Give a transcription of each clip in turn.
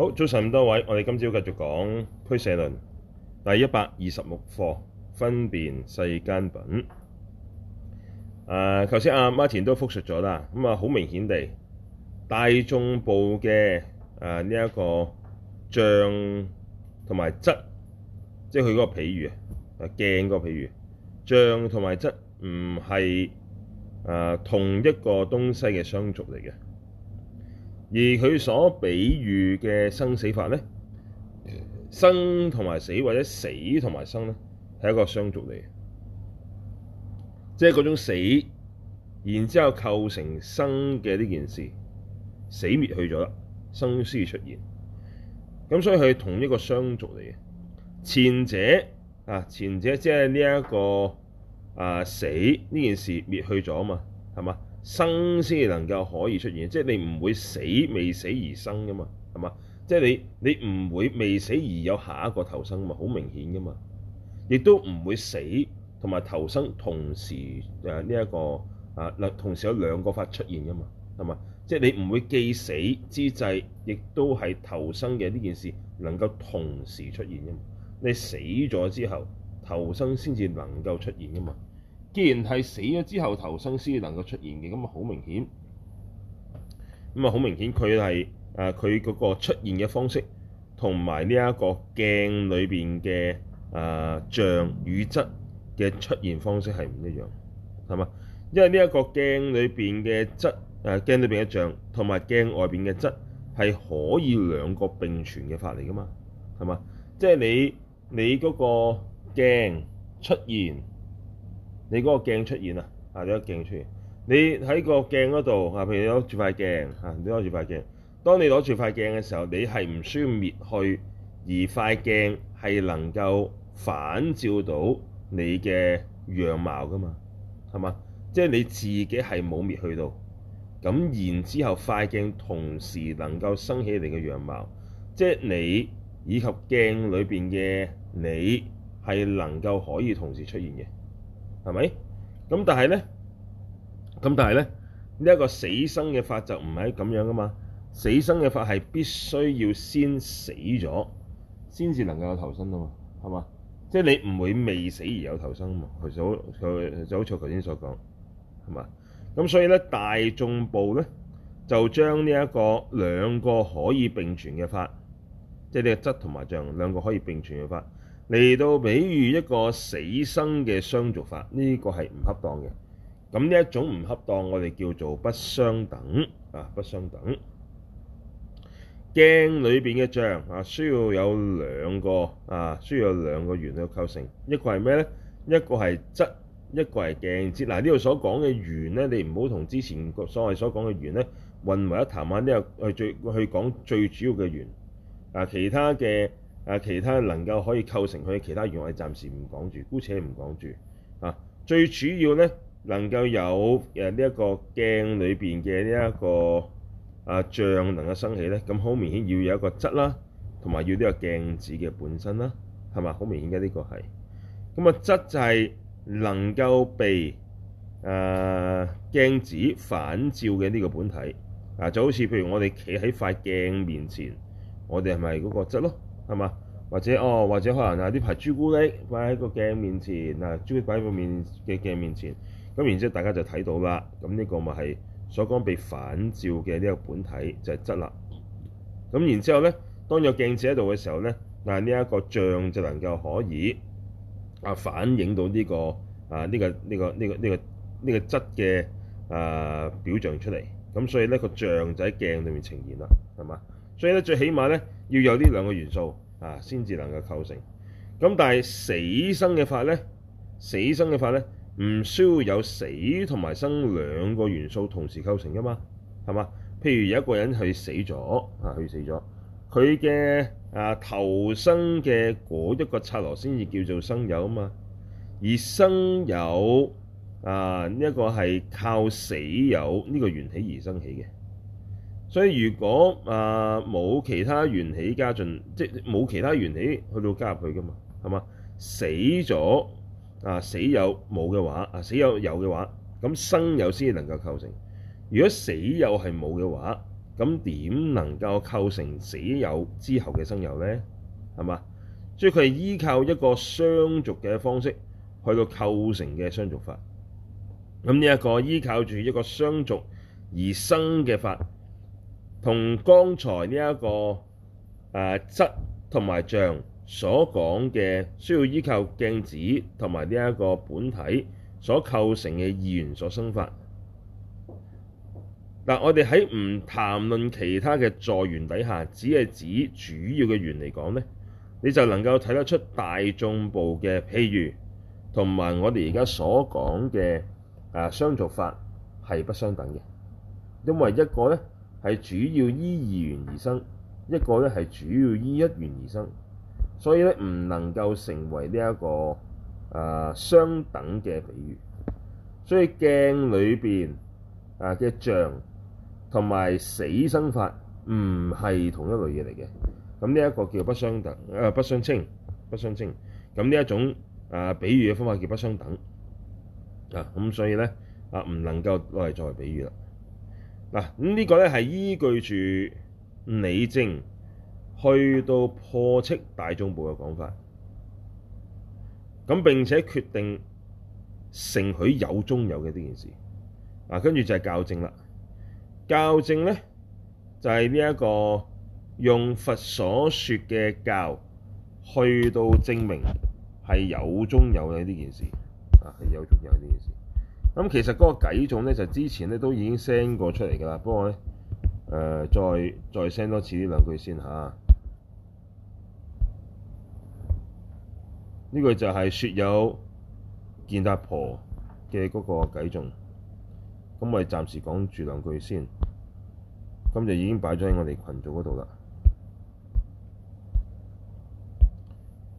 好早晨，咁多位，我哋今朝繼續講俱舍論第一百二十六課，分辨世間品。誒，頭先阿 Martin 都復述咗啦，咁啊，好明顯地，大眾部嘅誒呢一個像同埋質，即係佢嗰個譬喻啊，鏡嗰個譬喻，像同埋質唔係誒同一個東西嘅相續嚟嘅。而佢所比喻嘅生死法咧，生同埋死，或者死同埋生咧，係一個相續嚟嘅，即係嗰種死，然之後構成生嘅呢件事，死滅去咗啦，生先出現。咁所以佢係同一個相續嚟嘅，前者啊，前者即係呢一個啊、呃、死呢件事滅去咗啊嘛，係嘛？生先能夠可以出現，即係你唔會死未死而生噶嘛，係嘛？即係你你唔會未死而有下一個投生，嘛。好明顯噶嘛？亦都唔會死同埋投生同時誒，呢一個啊同時有兩個法出現噶嘛，係嘛？即係你唔會既死之際，亦都係投生嘅呢件事能夠同時出現噶嘛？你死咗之後，投生先至能夠出現噶嘛？既然係死咗之後投生先能夠出現嘅，咁啊好明顯，咁啊好明顯佢係誒佢嗰個出現嘅方式，同埋呢一個鏡裏邊嘅誒像與質嘅出現方式係唔一樣，係嘛？因為呢一個鏡裏邊嘅質誒、呃、鏡裏邊嘅像，同埋鏡外邊嘅質係可以兩個並存嘅法嚟㗎嘛，係嘛？即係你你嗰個鏡出現。你嗰個鏡出現啊！啊，有個鏡出現。你喺個鏡嗰度啊，譬如你攞住塊鏡、啊、你攞住塊鏡。當你攞住塊鏡嘅時候，你係唔需要滅去，而塊鏡係能夠反照到你嘅樣貌噶嘛？係嘛？即係你自己係冇滅去到，咁然之後塊鏡同時能夠升起你嘅樣貌，即係你以及鏡裏面嘅你係能夠可以同時出現嘅。係咪？咁但係咧，咁但係咧，呢一個死生嘅法就唔係咁樣噶嘛。死生嘅法係必須要先死咗，先至能夠有投生啊嘛。係嘛？即係你唔會未死而有投生啊嘛。就好，就好似頭先所講，係嘛？咁所以咧，大眾部咧就將呢一個兩個可以並存嘅法，即係呢個質同埋像兩個可以並存嘅法。嚟到比喻一個死生嘅相續法，呢個係唔恰當嘅。咁呢一種唔恰當，我哋叫做不相等啊，不相等。鏡裏邊嘅像啊，需要有兩個啊，需要有兩個緣去構成。一個係咩咧？一個係質，一個係鏡子。嗱，呢度所講嘅緣咧，你唔好同之前所謂所講嘅緣咧混為一談啊！呢個係最去講最主要嘅緣啊，其他嘅。誒，其他能夠可以構成佢嘅其他原位，我暫時唔講住，姑且唔講住啊。最主要咧，能夠有誒呢一個鏡裏邊嘅呢一個啊像能夠生起咧，咁好明顯要有一個質啦，同埋要呢個鏡子嘅本身啦，係嘛？好明顯嘅呢、這個係咁啊。那個、質就係能夠被誒、啊、鏡子反照嘅呢個本體啊，就好似譬如我哋企喺塊鏡面前，我哋係咪嗰個質咯？係嘛？或者哦，或者可能啊，呢排朱古力擺喺個鏡面前，嗱朱古力擺喺個面嘅鏡面前，咁然之後大家就睇到啦。咁呢個咪係所講被反照嘅呢個本體就係質啦。咁然之後咧，當有鏡子喺度嘅時候咧，嗱呢一個像就能夠可以啊反映到呢個啊呢個呢個呢個呢個呢個質嘅啊表象出嚟。咁所以咧個像就喺鏡裏面呈現啦，係嘛？所以咧，最起碼咧要有呢兩個元素啊，先至能夠構成。咁但係死生嘅法咧，死生嘅法咧，唔需要有死同埋生兩個元素同時構成噶嘛，係嘛？譬如有一個人佢死咗啊，佢死咗，佢嘅啊投生嘅嗰一個剎那先至叫做生有啊嘛。而生有啊呢一個係靠死有呢個緣起而生起嘅。所以如果啊冇、呃、其他緣起加進，即冇其他緣起去到加入去㗎嘛，係嘛？死咗啊，死有冇嘅話啊，死有有嘅話，咁生有先能夠構成。如果死有係冇嘅話，咁點能夠構成死有之後嘅生有咧？係嘛？所以佢係依靠一個相續嘅方式去到構成嘅相續法。咁呢一個依靠住一個相續而生嘅法。同剛才呢、這、一個誒、啊、質同埋像所講嘅，需要依靠鏡子同埋呢一個本體所構成嘅二緣所生法。嗱，我哋喺唔談論其他嘅助緣底下，只係指主要嘅緣嚟講呢，你就能夠睇得出大眾部嘅譬喻同埋我哋而家所講嘅誒相續法係不相等嘅，因為一個呢。係主要依二元而生，一個咧係主要依一元而生，所以咧唔能夠成為呢、這、一個啊相、呃、等嘅比喻。所以鏡裏邊啊嘅像同埋死生法唔係同一類嘢嚟嘅，咁呢一個叫不相等，啊不相稱，不相稱。咁呢一種啊、呃、比喻嘅方法叫不相等啊，咁所以咧啊唔能夠攞嚟作為比喻啦。嗱，咁呢個咧係依據住理證去到破斥大眾部嘅講法，咁並且決定承許有中有嘅呢件事，嗱跟住就係教證啦。教證咧就係呢一個用佛所說嘅教去到證明係有中有嘅呢件事，啊係有中有有呢件事。咁其實嗰個偈頌咧，就之前咧都已經 send 過出嚟噶啦。不過咧，誒、呃、再再 send 多次呢兩句先吓。呢、啊、個就係說有健達縛嘅嗰個偈頌。咁我哋暫時講住兩句先。咁就已經擺咗喺我哋群組嗰度啦。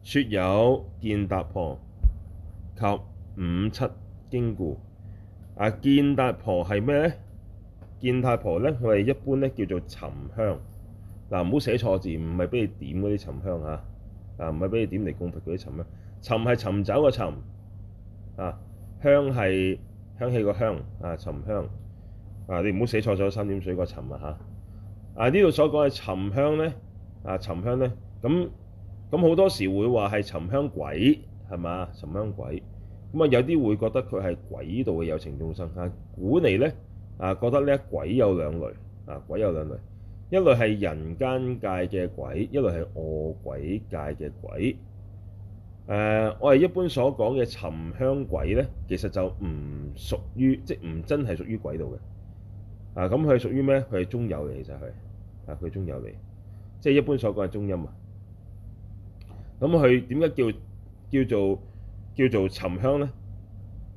說有健達縛，及五七經故。啊，健達縛係咩咧？健達縛咧，我哋一般咧叫做尋香。嗱、啊，唔好寫錯字，唔係俾你點嗰啲沉香嚇。啊，唔係俾你點嚟供佛嗰啲沉咩？尋係尋找嘅尋。啊，香係香氣個香。啊，尋香。啊，你唔好寫錯咗三點水個沉啊嚇。啊，呢、啊、度所講嘅尋香咧，啊尋香咧，咁咁好多時會話係尋香鬼係嘛？尋香鬼。咁啊，有啲會覺得佢係鬼道嘅有情眾生啊，古嚟咧啊，覺得呢鬼有兩類啊，鬼有兩類，一類係人間界嘅鬼，一類係惡鬼界嘅鬼。誒、啊，我哋一般所講嘅沉香鬼咧，其實就唔屬於，即係唔真係屬於鬼道嘅啊。咁佢係屬於咩？佢係中有嚟，其實係啊，佢係中有嚟，即、就、係、是、一般所講嘅中陰。啊。咁佢點解叫叫做？叫做尋香咧，誒、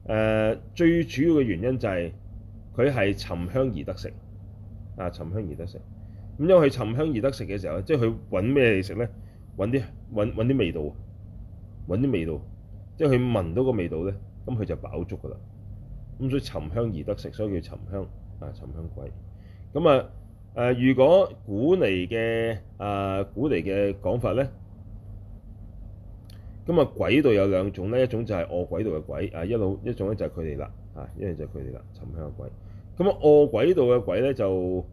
呃、最主要嘅原因就係佢係尋香而得食，啊尋香而得食。咁因為佢尋香而得食嘅時候，即係佢揾咩食咧？揾啲揾啲味道，揾啲味道，即係佢聞到個味道咧，咁佢就飽足噶啦。咁所以尋香而得食，所以叫尋香啊尋香鬼。咁啊誒、啊，如果古嚟嘅啊古嚟嘅講法咧？咁啊鬼道有兩種咧，一種就係惡鬼道嘅鬼，啊一路一種咧就係佢哋啦，啊一樣就係佢哋啦，沉香嘅鬼。咁啊惡鬼道嘅鬼咧就誒誒、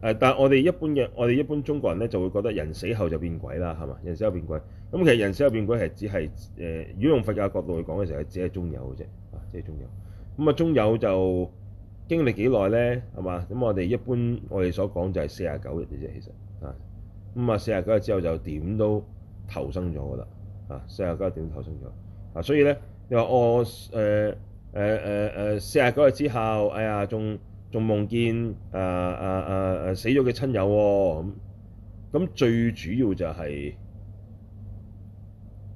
呃，但係我哋一般嘅我哋一般中國人咧就會覺得人死後就變鬼啦，係嘛？人死後變鬼。咁其實人死後變鬼係只係誒、呃，如果用佛教角度去講嘅時候係只係中有嘅啫，啊只係中有。咁啊中有就經歷幾耐咧，係嘛？咁我哋一般我哋所講就係四十九日嘅啫，其實啊，咁啊四十九日之後就點都，投生咗噶啦，啊四十九日點投生咗啊！所以咧，你話我誒誒誒誒四十九日之後，哎呀，仲仲夢見啊啊啊啊死咗嘅親友喎咁咁最主要就係、是、誒、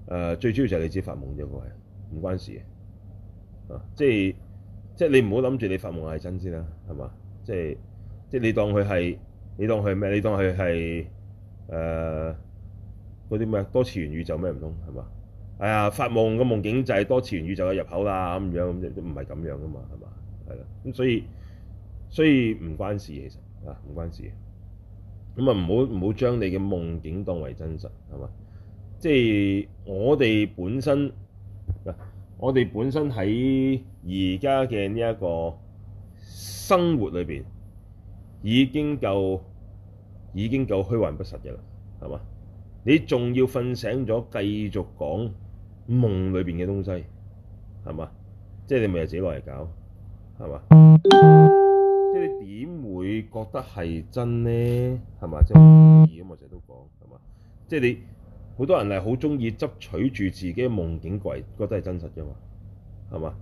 呃、最主要就你係你只發夢啫，佢係唔關事嘅啊！即係即係你唔好諗住你發夢係真先啦，係嘛？即係即係你當佢係你當佢咩？你當佢係嗰啲咩多次元宇宙咩唔通係嘛？哎呀，發夢個夢境就係多次元宇宙嘅入口啦，咁樣咁唔係咁樣噶嘛？係嘛，係啦，咁所以所以唔關事，其實啊唔關事嘅咁啊，唔好唔好將你嘅夢境當為真實係嘛？即係我哋本身，我哋本身喺而家嘅呢一個生活裏邊已經夠已經夠虛幻不實嘅啦，係嘛？你仲要瞓醒咗，繼續講夢裏邊嘅東西，係嘛？即係你咪自己攞嚟搞，係嘛？ 即係你點會覺得係真咧？係嘛？即係咁，我成日都講，係嘛？即係你，好多人係好中意執取住自己嘅夢境嚟，覺得係真實嘅嘛，係嘛？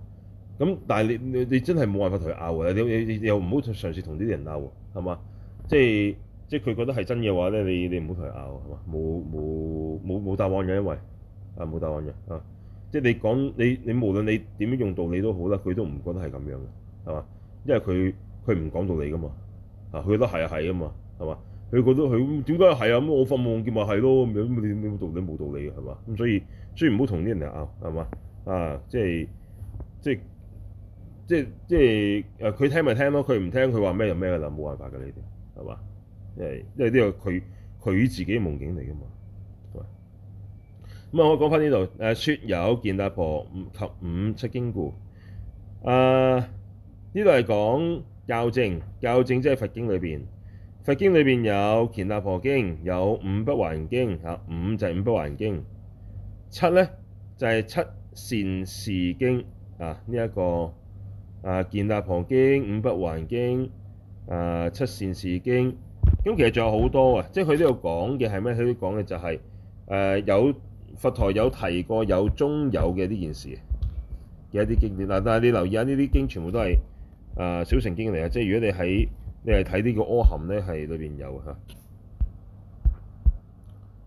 咁但係你你你真係冇辦法同佢拗嘅！你你你又唔好嘗試同呢啲人拗，係嘛？即係。即係佢覺得係真嘅話咧，你你唔好同佢拗，係嘛？冇冇冇冇答案嘅，因為啊冇答案嘅啊。即係你講你你無論你點樣用道理都好啦，佢都唔覺得係咁樣嘅，係嘛？因為佢佢唔講道理㗎嘛，也是也是嘛啊！佢覺得係啊係㗎嘛，係嘛？佢覺得佢點解係啊？咁我發夢見咪係咯？咁你你冇道理冇道理㗎，係嘛？咁所以雖然唔好同啲人拗，係嘛？啊即係即係即係即係誒！佢聽咪聽咯，佢唔聽佢話咩就咩㗎啦，冇辦法㗎呢啲，係嘛？是吧。因為呢個佢佢自己夢境嚟噶嘛，咁啊，我講翻呢度誒。說有建立婆及五七經故，啊，呢度係講教證教證，即係佛經裏邊。佛經裏邊有建立婆經，有五不還經。啊，五就係五不還經，七咧就係、是、七善事經。啊，呢、這、一個啊，建立婆經、五不還經、啊七善事經。咁其實仲有好多啊，即係佢呢度講嘅係咩？佢講嘅就係、是、誒有佛陀有提過有中有嘅呢件事嘅一啲經典。嗱，但係你留意下呢啲經,全,經,、啊這個經啊、全部都係誒小乘經嚟啊！即係如果你喺你係睇呢個阿含咧，係裏邊有嚇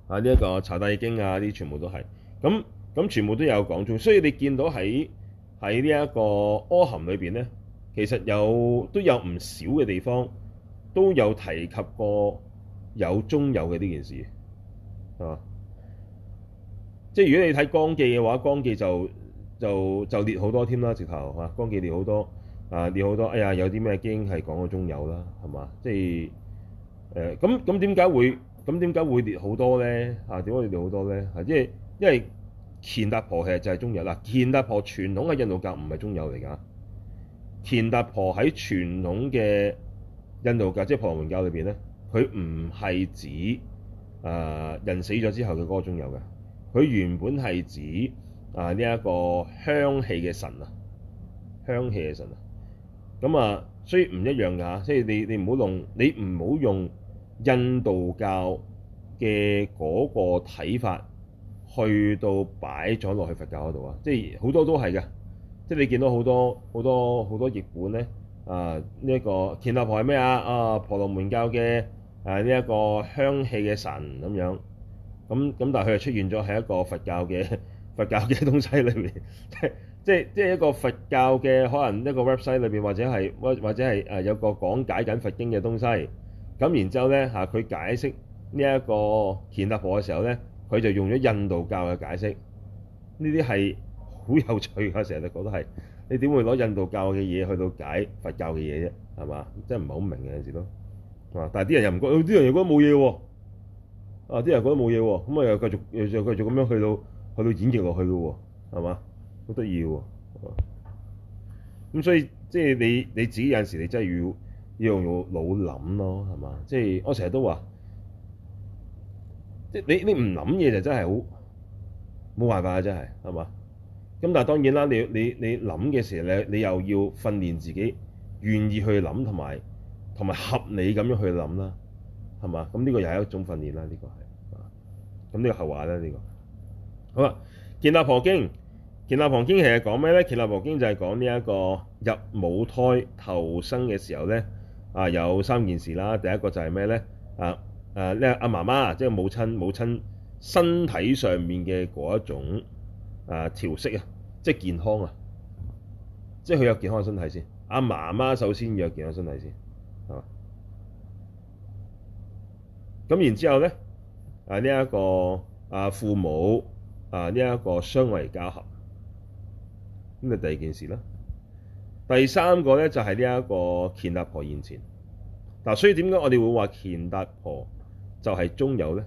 啊呢一個《嗏帝經》啊，呢啲全部都係咁咁，全部都有講中。所以你見到喺喺呢一個阿含裏邊咧，其實有都有唔少嘅地方。都有提及過有中有嘅呢件事，係嘛？即係如果你睇《光記》嘅話，《光記》就就就列好多添啦，直頭係嘛，《光記》列好多啊，列好多。哎呀，有啲咩經係講過中有啦，係嘛？即係誒，咁咁點解會咁點解會列好多咧？嚇、啊，點解列好多咧？嚇，即係因為乾達婆其實就係中有啦。乾達婆傳統嘅印度教唔係中有嚟噶，乾達婆喺傳統嘅印度教即係婆羅門教裏邊咧，佢唔係指誒、呃、人死咗之後嘅嗰個中有嘅，佢原本係指啊呢一個香氣嘅神啊，香氣嘅神啊，咁啊，所以唔一樣㗎，即係你你唔好用，你唔好用印度教嘅嗰個睇法去到擺咗落去佛教嗰度啊，即係好多都係嘅，即、就、係、是、你見到好多好多好多譯本咧。啊！呢、這、一個乾那婆係咩啊？啊！婆羅門教嘅誒呢一個香氣嘅神咁樣，咁咁但係佢就出現咗喺一個佛教嘅佛教嘅東西裏面， 即係即係即係一個佛教嘅可能一個 website 裏邊或者係或或者係誒有個講解緊佛經嘅東西，咁然之後咧嚇佢解釋呢一個乾那婆嘅時候咧，佢就用咗印度教嘅解釋，呢啲係好有趣嘅，成日都覺得係。你點會攞印度教嘅嘢去到解佛教嘅嘢啫？係嘛？真係唔係好明嘅有時都，啊！但係啲人又唔覺，啲人又覺得冇嘢喎，啊、嗯！啲人覺得冇嘢喎，咁啊又繼續又繼續咁樣去到去到演繹落去嘅喎，係嘛？好得意喎，咁所以即係、就是、你你自己有陣時你真係要要用腦諗咯，係嘛？即、就、係、是、我成日都話，即、就、係、是、你你唔諗嘢就真係好冇辦法啊！真係係嘛？咁但係當然啦，你你你諗嘅時候，你又要訓練自己願意去諗，同埋同埋合理咁樣去諗啦，係嘛？咁呢個又係一種訓練啦，呢個係啊，咁呢個後話啦，呢個好啦，《健達縛經》，《健達縛經》其實講咩咧？《健達縛經》就係講呢一個入母胎投生嘅時候咧，啊有三件事啦，第一個就係咩咧？啊阿、啊啊啊、媽媽即係、就是、母親，母親身體上面嘅嗰一種。啊調適啊，即係健康啊，即係佢有健康身體先。阿媽媽首先要有健康身體先，係嘛？咁然之後咧，啊呢一個啊父母啊呢一個相為交合，咁就第二件事啦。第三個咧就係呢一個健達縛現前。嗱，所以點解我哋會話健達縛就係中有咧？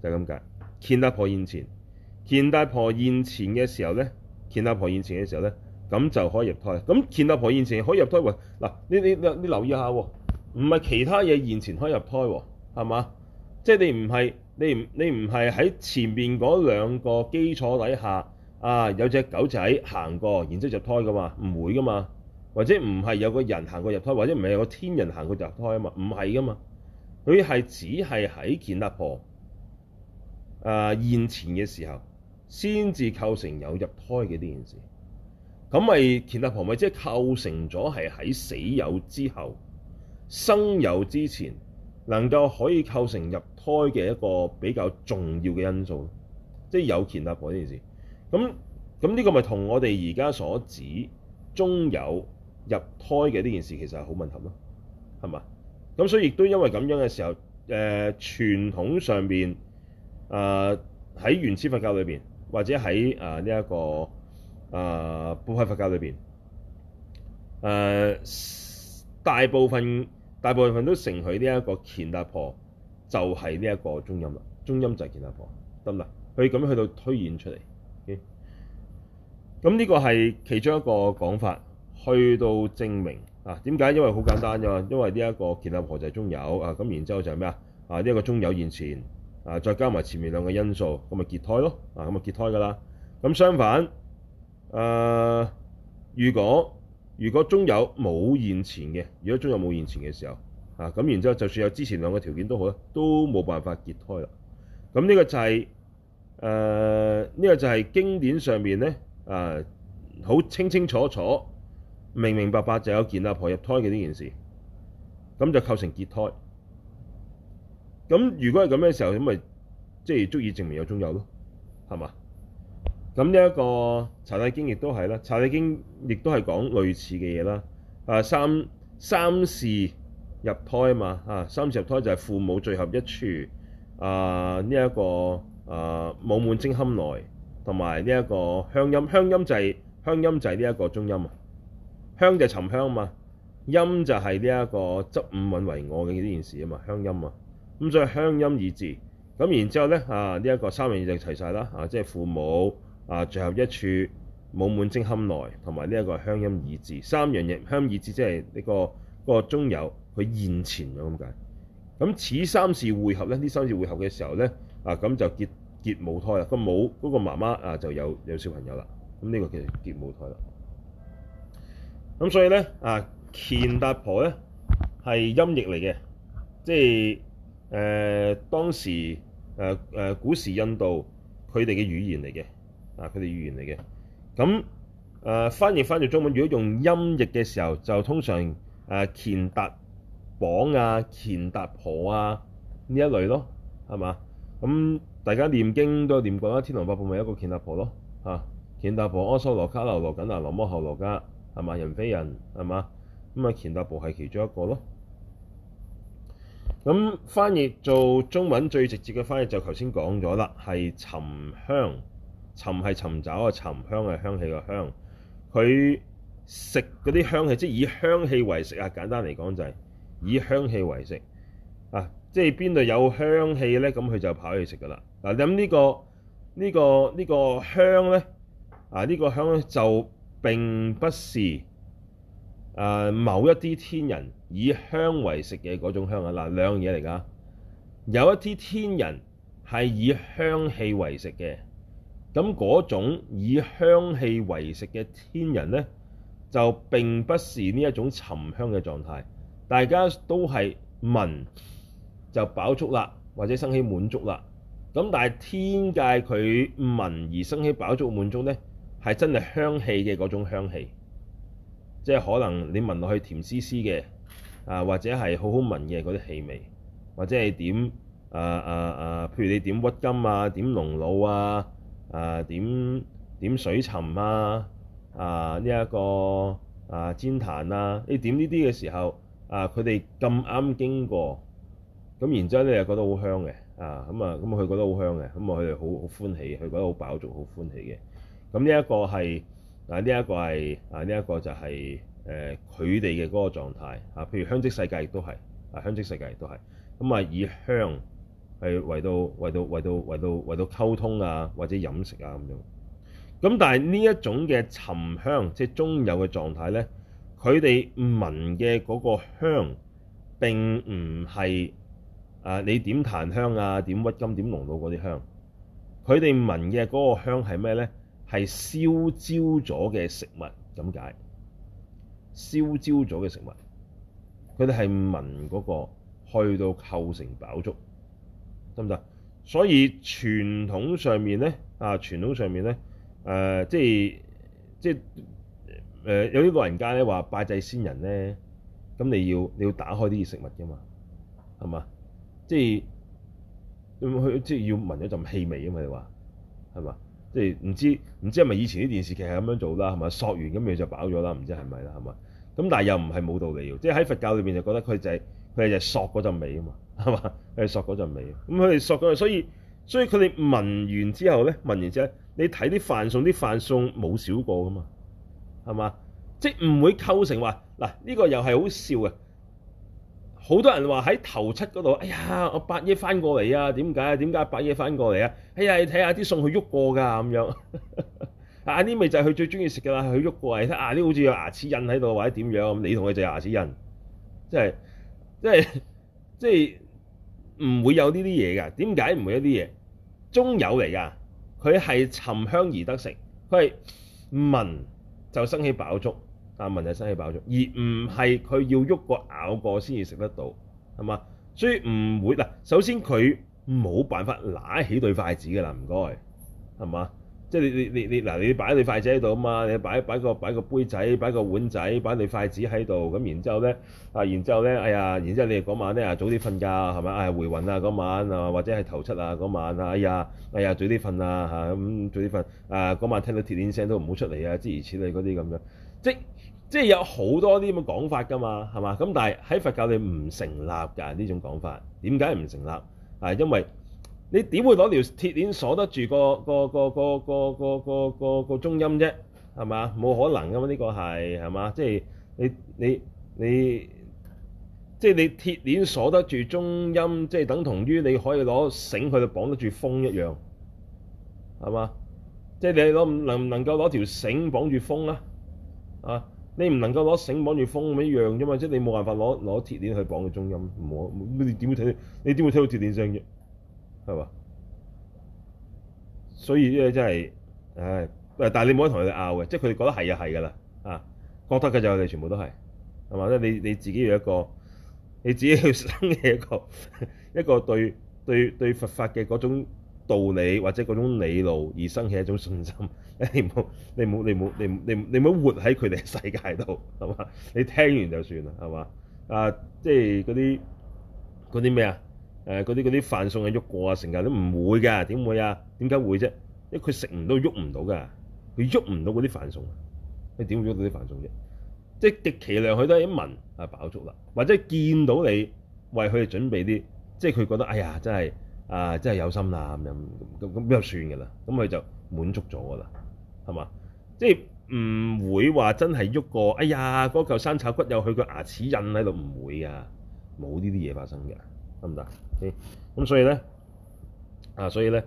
就係咁解，健達縛現前。健達縛現前嘅時候咧，健達縛現前嘅時候咧，咁就可以入胎。咁健達縛現前可以入胎喎，嗱，你你你，你留意下喎，唔係其他嘢現前可以入胎喎，係嘛？即係你唔係你唔你唔係喺前面嗰兩個基礎底下啊，有隻狗仔行過，然之後入胎噶嘛，唔會噶嘛，或者唔係有個人行過入胎，或者唔係有個天人行過入胎啊嘛，唔係噶嘛，佢係只係喺健達縛誒現前嘅時候。先至構成有入胎嘅呢件事，咁咪乾闥婆咪即係構成咗係喺死有之後生有之前能夠可以構成入胎嘅一個比較重要嘅因素，即係有乾闥婆呢件事。咁咁呢個咪同我哋而家所指中有入胎嘅呢件事其實係好吻合咯，係嘛？咁所以亦都因為咁樣嘅時候，誒、呃、傳統上邊誒喺原始佛教裏邊。或者喺啊呢一個啊部派佛教裏邊，誒、呃、大部分大部分都承許呢一個乾達婆就係呢一個中陰啦，中陰就係乾達婆得唔得？佢咁去到推演出嚟，咁呢個係其中一個講法，去到證明啊點解？因為好簡單啫嘛，因為呢一個乾達婆就係中有啊，咁然之後就係咩啊啊呢一個中有現前。啊，再加埋前面兩個因素，咁咪結胎咯。啊，咁咪結胎噶啦。咁相反，誒、呃，如果如果中有冇現前嘅，如果中有冇現前嘅時候，啊，咁然之後就算有之前兩個條件都好啦，都冇辦法結胎啦。咁呢個就係、是、誒，呢、呃這個就係經典上面咧，啊、呃，好清清楚楚、明明白白就有健達縛入胎嘅呢件事，咁就構成結胎。咁如果係咁嘅時候，咁咪即係足以證明有中有咯，係嘛？咁呢一個《嗏帝經》亦都係啦，《嗏帝經》亦都係講類似嘅嘢啦。啊，三三事入胎啊嘛，啊三事入胎就係父母聚集一處啊。呢、這、一個啊，母滿精堪耐，同埋呢一個香陰香陰就係、是、香陰就係呢一個中陰啊，香就沉香啊嘛，陰就係呢一個執五蘊為我嘅呢件事啊嘛，香陰啊。咁再香陰已至。咁然之後咧啊，呢、這、一個三樣嘢就齊晒啦啊，即係父母啊，聚合一處，母滿精堪耐，同埋呢一個香陰已至，三樣嘢香陰已至，即係呢、這個、這個中有佢現前咁解。咁此三事會合咧，呢三事會合嘅時候咧啊，咁就結結母胎啦。母那個母嗰個媽媽啊就有有小朋友啦。咁呢個其實結母胎啦。咁所以咧啊，乾達婆咧係音譯嚟嘅，即係。誒、呃、當時誒誒、呃呃、古時印度佢哋嘅語言嚟嘅，啊佢哋語言嚟嘅，咁、啊、誒、啊、翻譯翻做中文，如果用音譯嘅時候，就通常誒乾、啊、達榜啊、乾達婆啊呢一類咯，係嘛？咁大家念經都念過啦，《天龍八部》咪一個乾達婆咯，嚇、啊、乾達婆、阿修羅、迦樓羅、緊那羅、摩睺羅伽係嘛？人非人係嘛？咁啊乾達婆係其中一個咯。咁翻譯做中文最直接嘅翻譯就頭先講咗啦，係尋香。尋係尋找啊，尋香係香氣個香。佢食嗰啲香氣，即係以香氣為食啊。簡單嚟講就係以香氣為食啊，即係邊度有香氣咧，咁佢就跑去食噶啦。嗱、這個，咁、這、呢個呢個呢個香咧，啊呢、呢個香咧就並不是。誒某一啲天人以香為食嘅嗰種香啊，嗱兩樣嘢嚟㗎。有一啲天人係以香氣為食嘅，咁嗰種以香氣為食嘅天人呢，就並不是呢一種沉香嘅狀態。大家都係聞就飽足啦，或者生起滿足啦。咁但係天界佢聞而生起飽足滿足呢，係真係香氣嘅嗰種香氣。即係可能你聞落去甜絲絲嘅啊，或者係好好聞嘅嗰啲氣味，或者係點啊啊啊，譬如你點鬱金啊，點龍腦啊，啊點點水沉啊，啊呢一個啊煎檀啊，你點呢啲嘅時候啊，佢哋咁啱經過，咁然之後咧又覺得好香嘅啊，咁啊咁佢覺得好香嘅，咁啊佢哋好好歡喜，佢覺得好飽足，好歡喜嘅。咁呢一個係。啊！呢一個係啊！呢一個就係誒佢哋嘅嗰個狀態，譬如香積世界亦都係啊，香積世界亦都係咁啊，以香係圍到圍到圍到圍到圍到溝通啊，或者飲食啊咁樣。咁但係呢一種嘅沉香，即係中有嘅狀態咧，佢哋聞嘅嗰個香並唔係啊！你點檀香啊？點鬱金點龍腦嗰啲香，佢哋聞嘅嗰個香係咩咧？係燒焦咗嘅食物，咁解？燒焦咗嘅食物，佢哋係聞嗰、嗰個去到構成飽足，得唔得？所以傳統上面咧，啊，傳統上面咧、呃，即係即係、呃、有啲老人家咧話拜祭先人咧，咁你要你要打開啲食物㗎嘛，係嘛？即係去即係要聞咗陣氣味啊嘛，你話係嘛？即係唔知唔知係咪以前啲電視劇係咁樣做啦，係咪索完咁樣就飽咗啦？唔知係咪啦，係咪？咁但係又唔係冇道理喎，即係喺佛教裏面就覺得佢就係佢哋就係索嗰陣味啊嘛，係嘛？佢哋索嗰陣味，咁佢哋索嗰，所以所以佢哋聞完之後咧，聞完之後你睇啲飯餸，啲飯餸冇少過噶嘛，係嘛？即係唔會構成話嗱，呢個又係好笑嘅。好多人話喺頭七嗰度，哎呀，我八爺翻過嚟啊？點解？點解八爺翻過嚟啊？哎呀，你睇下啲餸佢喐過㗎咁樣，阿啲味就係佢最中意食㗎啦。佢喐過嚟，睇下啲好似有牙齒印喺度或者點樣。你同佢隻牙齒印，即係即係即係唔會有呢啲嘢㗎。點解唔會有呢啲嘢？中有嚟㗎，佢係尋香而得食，佢係聞就生起飽足。阿文仔生氣爆咗，而唔係佢要喐個咬個先至食得到，係嘛？所以唔會嗱，首先佢冇辦法拿起對筷子㗎啦，唔該，係嘛？即係你你你你嗱，你擺對筷子喺度啊嘛，你擺擺個擺個杯仔，擺個碗仔，擺對筷子喺度，咁然之後咧啊，然之後咧，哎呀，然之後你哋嗰晚咧啊早啲瞓覺，係咪？哎回魂啊嗰晚啊，或者係頭七啊嗰晚啊，哎呀哎呀早啲瞓啊嚇咁、嗯、早啲瞓啊嗰晚聽到鐵鏈聲都唔好出嚟啊，諸如此類嗰啲咁樣，即即係有好多啲咁嘅講法㗎嘛，係嘛？咁但係喺佛教，你唔成立㗎呢種講法。點解唔成立？啊，因為你點會攞條鐵鏈鎖得住個個個個個個個個個個中音啫？係嘛？冇可能㗎嘛？呢個係係嘛？即係你你你即係你鐵鏈鎖得住中音，即係等同於你可以攞繩佢嚟綁得住風一樣，係嘛？即係你攞能唔能夠攞條繩綁住風咧？啊！你唔能夠攞繩綁住風咁樣樣啫嘛，即係你冇辦法攞攞鐵鏈去綁嘅中音，你點會睇到？你點會聽到鐵鏈聲嘅？係嘛？所以呢啲真係，唉，但係你冇得同佢哋拗嘅，即係佢哋覺得係就係㗎啦，啊，覺得嘅就係我哋全部都係，係嘛？即係你你自己要一個，你自己去生嘅一個一個對對對佛法嘅嗰種道理或者嗰種理路而生起一種信心。你冇，你冇，你你唔，你唔，你唔好活喺佢哋世界度，係嘛？你聽完就算啦，係嘛？啊，即係嗰啲啲咩啊？誒，啲啲飯餸啊，喐過啊，成嚿都唔會嘅，點會啊？點解會啫？因為佢食唔到，喐唔到嘅，佢喐唔到嗰啲飯餸，你點喐到啲飯餸啫？即係極其量他，佢都係一聞啊飽足啦，或者見到你為佢哋準備啲，即係佢覺得哎呀，真係啊，真係有心啦咁樣咁咁，邊度算嘅啦？咁佢就滿足咗嘅啦。係嘛？即係唔會話真係喐過，哎呀，嗰嚿生炒骨有佢個牙齒印喺度，唔會啊，冇呢啲嘢發生嘅，得唔得？咁所以咧啊，所以咧誒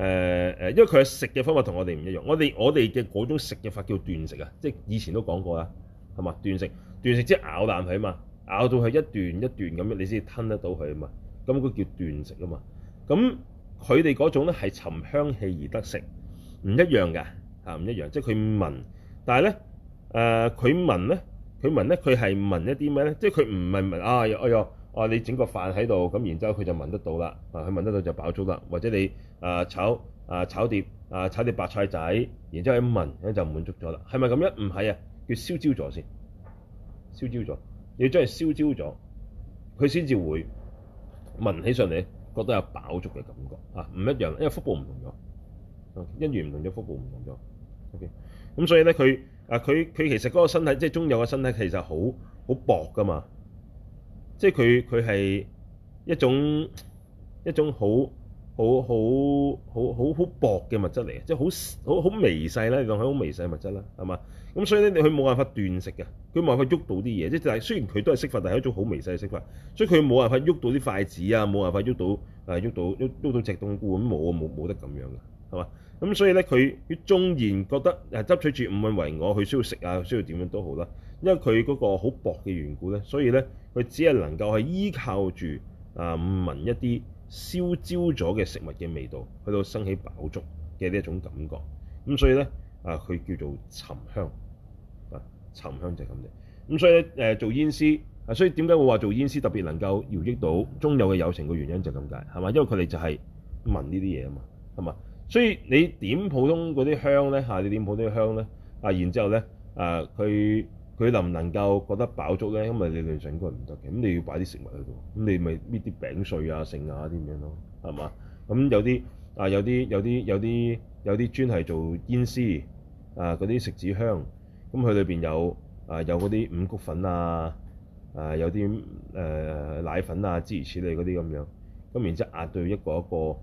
誒，因為佢食嘅方法同我哋唔一樣。我哋我哋嘅嗰種食嘅法叫斷食啊，即係以前都講過啦，係嘛？斷食斷食即係咬啖佢啊嘛，咬到佢一段一段咁樣，你先吞得到佢啊嘛。咁佢叫斷食啊嘛。咁佢哋嗰種咧係尋香氣而得食，唔一樣㗎。嚇唔、啊、一樣，即係佢聞，但係咧誒佢聞咧，佢聞咧，佢係聞一啲咩咧？即係佢唔係聞啊！哎呦，哦你整個飯喺度，咁然之後佢就聞得到啦。啊，佢、呃呃啊、聞得到、啊、到就飽足啦，或者你誒、啊、炒誒、啊、炒碟誒、啊、炒碟白菜仔，然之後一聞咧就滿足咗啦。係咪咁樣？唔係啊，叫燒焦咗先，燒焦咗，你要將佢燒焦咗，佢先至會聞起上嚟覺得有飽足嘅感覺啊！唔一樣，因為腹部唔同咗、啊，因緣唔同咗，腹部唔同咗。O.K.，咁所以咧，佢啊，佢佢其實嗰個身體，即中有嘅身體，其實好好薄噶嘛，即係佢佢係一種一種好好好好好好薄嘅物質嚟，即好好好微細啦，你當佢好微細物質啦，係嘛？咁所以咧，你佢冇辦法斷食嘅，佢冇辦法喐到啲嘢，即係雖然佢都係色法，但係一種好微細嘅色法，所以佢冇辦法喐到啲筷子啊，冇辦法喐到誒喐、啊、到喐喐到隻冬菇咁，冇啊冇冇得咁樣嘅，係嘛？咁所以咧，佢縱然覺得啊，執取住五蘊為我，佢需要食啊，需要點樣都好啦。因為佢嗰個好薄嘅緣故咧，所以咧，佢只係能夠係依靠住啊五聞一啲燒焦咗嘅食物嘅味道，去到生起飽足嘅呢一種感覺。咁所以咧啊，佢叫做尋香啊，尋香就係咁嘅。咁所以咧，誒、啊、做煙絲啊，所以點解我話做煙絲特別能夠饒益到中有嘅有情嘅原因就咁解，係嘛？因為佢哋就係聞呢啲嘢啊嘛，係嘛？所以你點普通嗰啲香咧嚇？你點普通香咧啊？然之後咧啊，佢佢能唔能夠覺得飽足咧？因為啊，你連應該唔得嘅，咁你要擺啲食物喺度，咁你咪搣啲餅碎啊、剩啊啲咁樣咯，係嘛？咁有啲啊，有啲有啲有啲有啲專係做煙絲啊，嗰啲食紙香，咁佢裏邊有啊，有嗰啲五穀粉啊，啊有啲誒、啊、奶粉啊，諸如此類嗰啲咁樣，咁然之後壓到一個一個。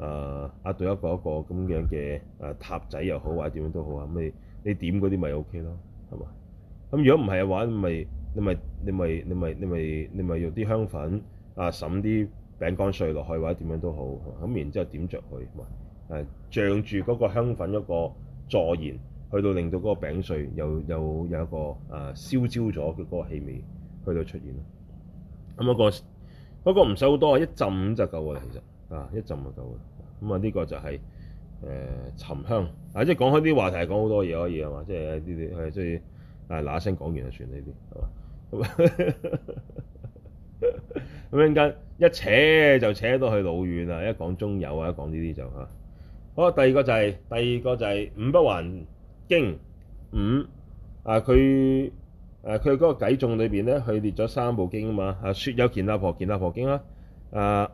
誒、啊、壓到一個一個咁樣嘅誒、啊、塔仔又好，或者樣點樣都好啊！咁你你點嗰啲咪 OK 咯，係嘛？咁如果唔係嘅話，咪你咪你咪你咪你咪你咪用啲香粉啊，滲啲餅乾碎落去，或者點樣都好。咁、啊、然之後點着佢，係誒仗住嗰個香粉一個助燃，去到令到嗰個餅碎又又有一個誒燒、啊、焦咗嘅嗰個氣味，去到出現咯。咁、那、嗰個唔使好多啊，一浸就夠㗎啦，其實啊，一浸就夠㗎。咁啊！呢、嗯這個就係、是、誒、呃、沉香啊，即係講開啲話題，講好多嘢可以係嘛？即係呢啲，係所以啊嗱嗱聲講完就算呢啲係嘛？咁陣間、 嗯、一扯就扯到去老遠啦。一講中有啊，一講呢啲就嚇。好，第二個就係、是、第二個就係五不還經五啊，佢佢嗰個偈頌裏面咧，佢列咗三部經啊嘛啊《說有健達縛健達縛經、啊》啦啊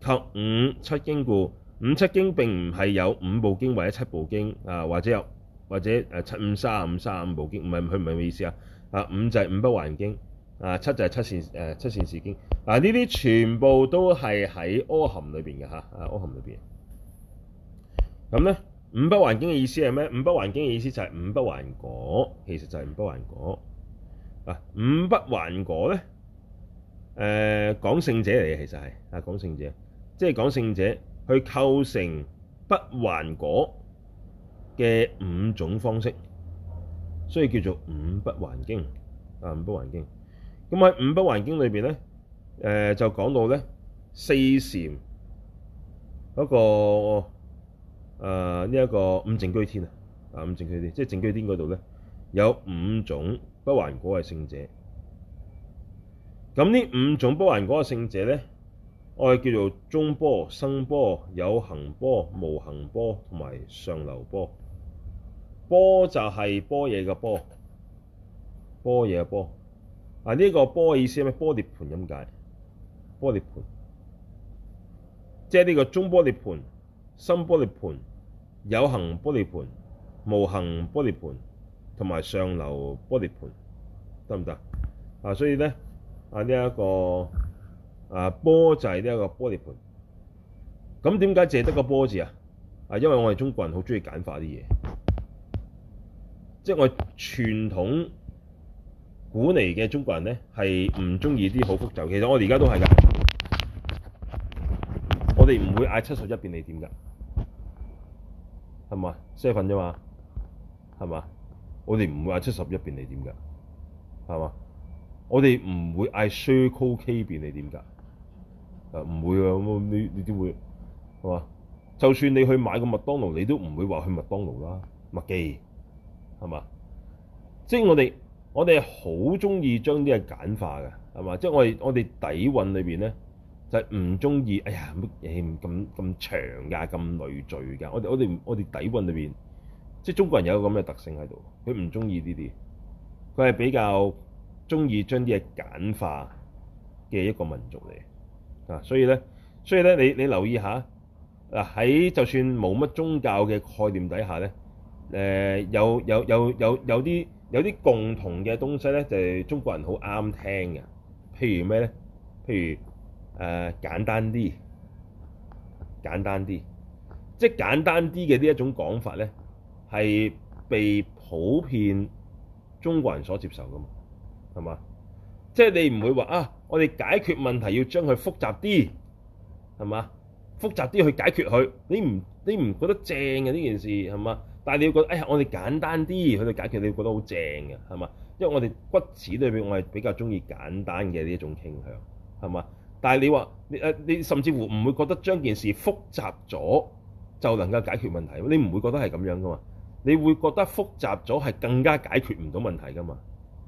及五七經故。五七經並唔係有五部經或者七部經啊，或者有或者誒七五三五三五部經，唔係佢唔係咩意思啊？啊五就係五不還經啊，七就係七善誒七善士經啊，呢啲全部都係喺阿含裏邊嘅嚇，阿、啊、含裏邊。咁咧五不還經嘅意思係咩？五不還經嘅意,意思就係五不還果，其實就係五不還果。嗱、啊、五不還果咧誒、呃、講聖者嚟嘅，其實係啊講聖者，即係講聖者。去構成不還果嘅五種方式，所以叫做五不還經啊！五不還經，咁喺五不還經裏面咧、呃，就講到咧四禪嗰、那個呢一、呃這個五淨居天啊！啊五淨居天，即係淨居天嗰度咧，就是、有五種不還果嘅聖者。咁呢五種不還果嘅聖者咧？我哋叫做中般、生般、有行般、無行般同埋上流般。般就係般若嘅般，般若嘅般。啊，呢、這個般嘅意思係咩？般涅槃咁解，般涅槃，即係呢個中般涅槃、生般涅槃、有行般涅槃、無行般涅槃同埋上流般涅槃，得唔得？啊，所以咧啊呢一、這個。啊，波就係呢一個玻璃盤。咁點解淨係得個波字啊？啊，因為我哋中國人好中意簡化啲嘢，即係我傳統古嚟嘅中國人咧，係唔中意啲好複雜。其實我哋而家都係噶，我哋唔會嗌七十一便利店噶，係嘛？seven 啫嘛，係嘛？我哋唔會嗌七十一便利店噶，係嘛吧？我哋唔會嗌 circle K 便利店噶。誒唔會啊！咁你你點會係嘛？就算你去買個麥當勞，你都唔會話去麥當勞啦，麥記係嘛？即係、就是、我哋我哋好中意將啲嘢簡化嘅係嘛？即係、就是、我哋我哋底蘊裏邊咧就係唔中意哎呀乜嘢咁咁長㗎咁累贅㗎！我哋我哋我哋底蘊裏邊，即、就、係、是、中國人有一個咁嘅特性喺度，佢唔中意呢啲，佢係比較中意將啲嘢簡化嘅一個民族嚟。嗱，所以咧，所以咧，你你留意下，嗱喺就算冇乜宗教嘅概念底下咧，誒有有有有有啲有啲共同嘅東西咧，就係中國人好啱聽嘅，譬如咩咧？譬如誒簡單啲，簡單啲，即係簡單啲嘅呢一種講法咧，係被普遍中國人所接受㗎嘛，係嘛？即係你唔會話啊！我哋解決問題要將佢複雜啲係嘛？複雜啲去解決佢，你唔你唔覺得正嘅呢件事係嘛？但係你要覺得哎呀，我哋簡單啲佢哋解決，你會覺得好正嘅係嘛？因為我哋骨子裏面，我係比較中意簡單嘅呢一種傾向係嘛？但係你話你誒你甚至乎唔會覺得將件事複雜咗就能夠解決問題，你唔會覺得係咁樣噶嘛？你會覺得複雜咗係更加解決唔到問題噶嘛？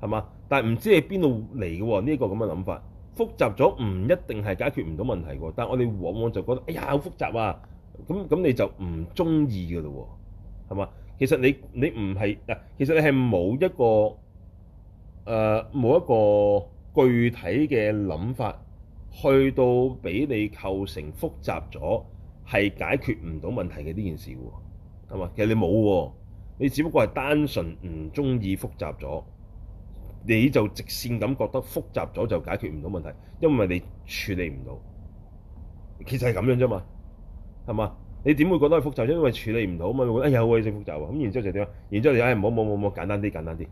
係嘛？但係唔知係邊度嚟嘅呢個咁嘅諗法，複雜咗唔一定係解決唔到問題嘅。但係我哋往往就覺得哎呀好複雜啊！咁咁你就唔中意嘅咯，係嘛？其實你你唔係嗱，其實你係冇一個誒冇、呃、一個具體嘅諗法去到俾你構成複雜咗係解決唔到問題嘅呢件事嘅、啊。係嘛？其實你冇、啊、你，只不過係單純唔中意複雜咗。你就直線咁覺得複雜咗就解決唔到問題，因為你處理唔到，其實係咁樣啫嘛，係嘛？你點會覺得係複雜？因為處理唔到啊嘛，哎呀好鬼死複雜啊！咁然之後就點啊？然之後就誒冇冇冇冇簡單啲簡單啲，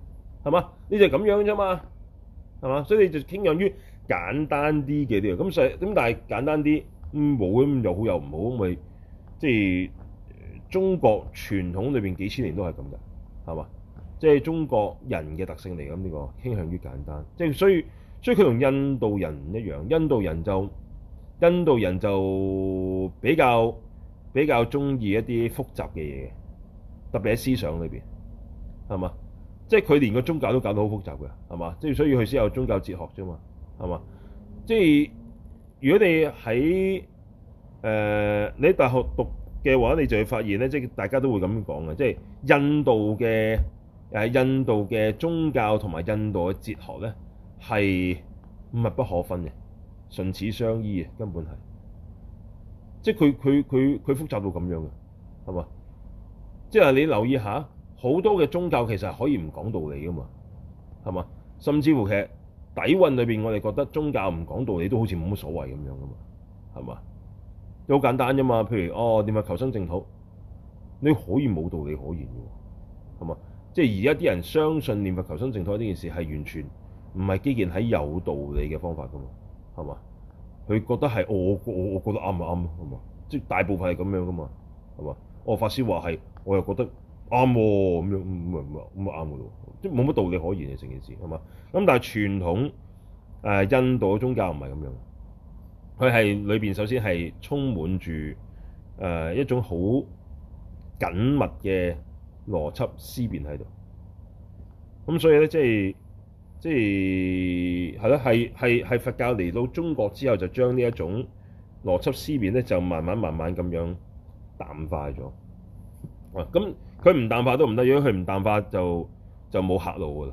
係嘛？呢就係咁樣啫嘛，係嘛？所以你就傾向於簡單啲嘅啲咁咁但係簡單啲，唔冇咁又好又唔好，咪即係中國傳統裏面幾千年都係咁嘅，係嘛？即係中國人嘅特性嚟㗎，咁呢個傾向於簡單。即係所以，所以佢同印度人唔一樣。印度人就印度人就比較比較中意一啲複雜嘅嘢，特別喺思想裏邊，係嘛？即係佢連個宗教都搞得好複雜㗎，係嘛？即係所以佢先有宗教哲學啫嘛，係嘛？即係如果你喺誒、呃、你喺大學讀嘅話，你就會發現咧，即係大家都會咁講嘅，即係印度嘅。誒，印度嘅宗教同埋印度嘅哲學咧，係密不可分嘅，唇齒相依嘅，根本係，即係佢佢佢佢複雜到咁樣嘅，係嘛？即係你留意下，好多嘅宗教其實可以唔講道理㗎嘛，係嘛？甚至乎其實底蘊裏面，我哋覺得宗教唔講道理都好似冇乜所謂咁樣嘅嘛，係嘛？好簡單啫嘛，譬如哦，點解求生淨土，你可以冇道理可言嘅喎，係嘛？即係而家啲人相信念佛求生淨土呢件事係完全唔係基建喺有道理嘅方法噶嘛，係嘛？佢覺得係、哦、我我我覺得啱唔啱啊，係嘛？即係大部分係咁樣噶嘛，係嘛？我、哦、法師話係，我又覺得啱喎、哦，咁樣唔係唔係咁啊啱嘅喎，即係冇乜道理可言嘅成件事，係嘛？咁但係傳統誒、呃、印度宗教唔係咁樣，佢係裏邊首先係充滿住誒、呃、一種好緊密嘅。邏輯思辨喺度，咁所以咧，即係即係係咯，係係係佛教嚟到中國之後，就將呢一種邏輯思辨咧，就慢慢慢慢咁樣淡化咗。哇！咁佢唔淡化都唔得，如果佢唔淡化就就冇客路噶啦，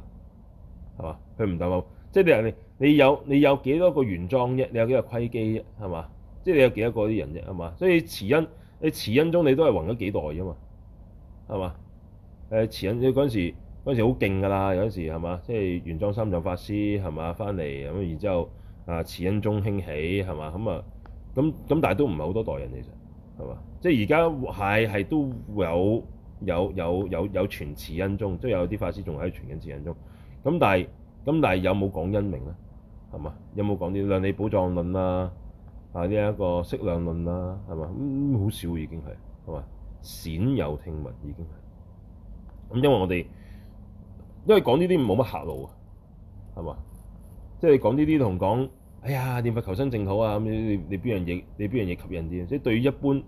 係嘛？佢唔淡化，即係你人哋你有你有幾多個原裝啫？你有幾多個規機啫？係嘛？即係你有幾多個啲人啫？係嘛？所以你慈恩你慈恩中你都係混咗幾代啫嘛，係嘛？誒、呃、慈恩，你嗰陣時嗰陣時好勁㗎啦。有陣時係嘛，即係原裝三藏法師係嘛，翻嚟咁，然之後啊、呃，慈恩宗興起係嘛咁啊，咁咁但係都唔係好多代人其實係嘛，即係而家係係都有有有有有傳慈恩宗，即係有啲法師仲喺傳緊慈恩宗。咁但係咁但係有冇講因明咧？係嘛有冇講啲《量理寶藏論》啊啊呢一個《釋量論》啊係嘛？好少已經係係嘛，鮮有聽聞已經係。咁因為我哋，因為講呢啲冇乜客路啊，係嘛？即係講呢啲同講，哎呀，念佛求生淨土啊，咁你你邊樣嘢，你邊樣嘢吸引啲咧？即係對於一般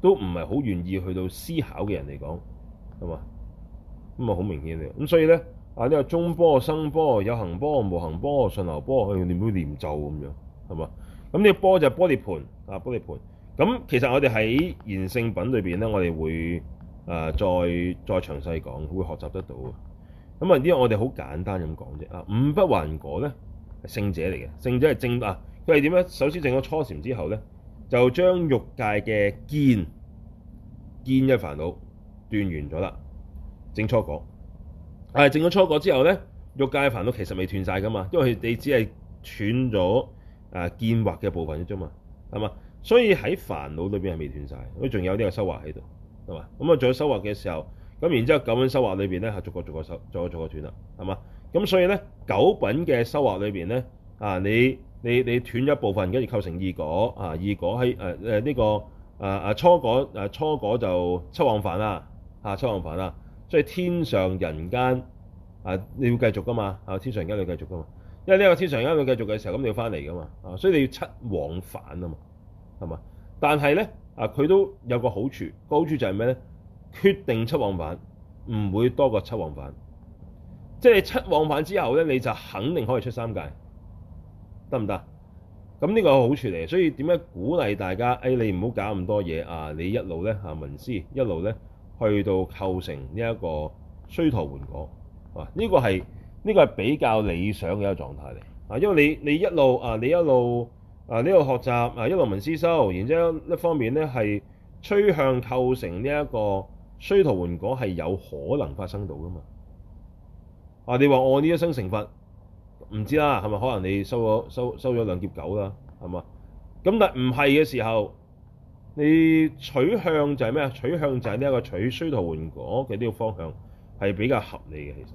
都唔係好願意去到思考嘅人嚟講，係嘛？咁啊好明顯嘅，咁所以咧，啊你話中般、生般、有行般、無行般、上流般，誒點樣練就咁樣，係嘛？咁呢個般就係般涅槃啊，般涅槃。咁其實我哋喺賢聖品裏邊咧，我哋會。誒、啊，再再詳細講，會學習得到咁啊，因為我哋好簡單咁講啫。啊，五不還果咧，係聖者嚟嘅，聖者係證啊！佢係點咧？首先，證咗初禪之後咧，就將欲界嘅見見嘅煩惱斷完咗啦，證初果。但係證咗初果之後咧，欲界嘅煩惱其實未斷晒噶嘛，因為佢哋只係斷咗誒見惑嘅部分啫嘛，係嘛？所以喺煩惱裏邊係未斷曬，佢仲有啲嘅修惑喺度。係嘛？咁啊、嗯，做咗收穫嘅時候，咁然之後九品收穫裏邊咧係逐個逐個收，逐個逐個斷啦，係嘛？咁所以咧，九品嘅收穫裏邊咧啊，你你你斷咗一部分，跟住構成二果啊，二果喺誒誒呢個啊啊初果啊初果就七往返啦嚇、啊，七往返啦，所以天上人間啊你要繼續噶嘛嚇、啊，天上人間你要繼續噶嘛，因為呢個天上人間要繼續嘅時候，咁你要翻嚟噶嘛啊，所以你要七往返啊嘛係嘛？但係咧。啊！佢都有個好處，個好處就係咩咧？決定七往返，唔會多過七往返。即係七往返之後咧，你就肯定可以出三界，得唔得？咁呢個好處嚟，所以點解鼓勵大家？哎，你唔好搞咁多嘢啊！你一路咧啊，聞思一路咧去到構成呢一個須陀洹果啊！呢個係呢個係比較理想嘅一個狀態嚟啊！因為你你一路啊，你一路。啊，呢個學習啊，一路聞思修，然之後一方面咧係趨向構成呢一個須陀洹果係有可能發生到噶嘛？啊你話我呢一生成佛唔知啦，係咪可能你收咗收收咗兩條狗啦，係嘛？咁但唔係嘅時候，你取向就係咩啊？取向就係呢一個取須陀洹果嘅呢個方向係比較合理嘅，其實。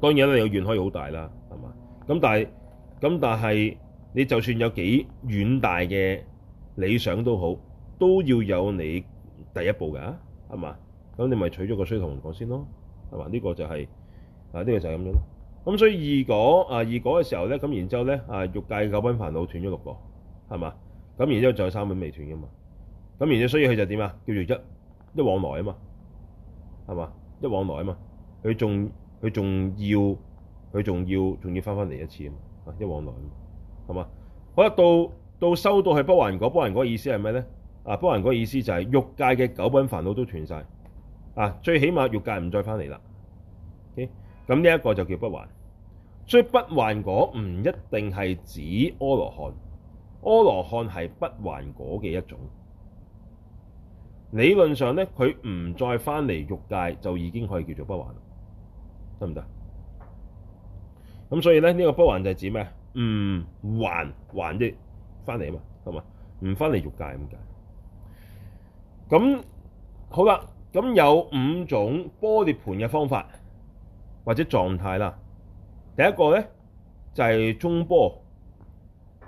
當然啦，有願可以好大啦，係嘛？咁但係咁但係。你就算有幾遠大嘅理想都好，都要有你第一步噶，係嘛？咁你咪取咗個衰同人講先咯，係嘛？呢、這個就係、是、啊，呢、這個就係咁樣咯。咁所以二果啊，二果嘅時候咧，咁然之後咧啊，欲界九品煩惱斷咗六個，係嘛？咁然之後仲有三品未斷嘅嘛。咁然之後所以佢就點啊？叫做一一往來啊嘛，係嘛？一往來啊嘛。佢仲佢仲要佢仲要仲要翻翻嚟一次啊嘛？一往來嘛。嘛？好啦，到到收到係不還果，不還果意思係咩咧？啊，不還果意思就係欲界嘅九品煩惱都斷晒，啊，最起碼欲界唔再翻嚟啦。咁呢一個就叫不還，所以不還果唔一定係指阿羅漢，阿羅漢係不還果嘅一,一種。理論上咧，佢唔再翻嚟欲界就已經可以叫做不還，得唔得？咁所以咧，呢、這個不還就係指咩？唔還還啲翻嚟啊嘛，係嘛？唔翻嚟欲界？咁解。咁好啦，咁有五種般涅槃嘅方法或者狀態啦。第一個咧就係、是、中般，